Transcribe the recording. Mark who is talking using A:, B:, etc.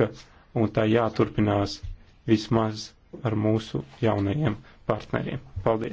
A: ka un tā jāturpinās vismaz ar mūsu jaunajiem partneriem. Paldies!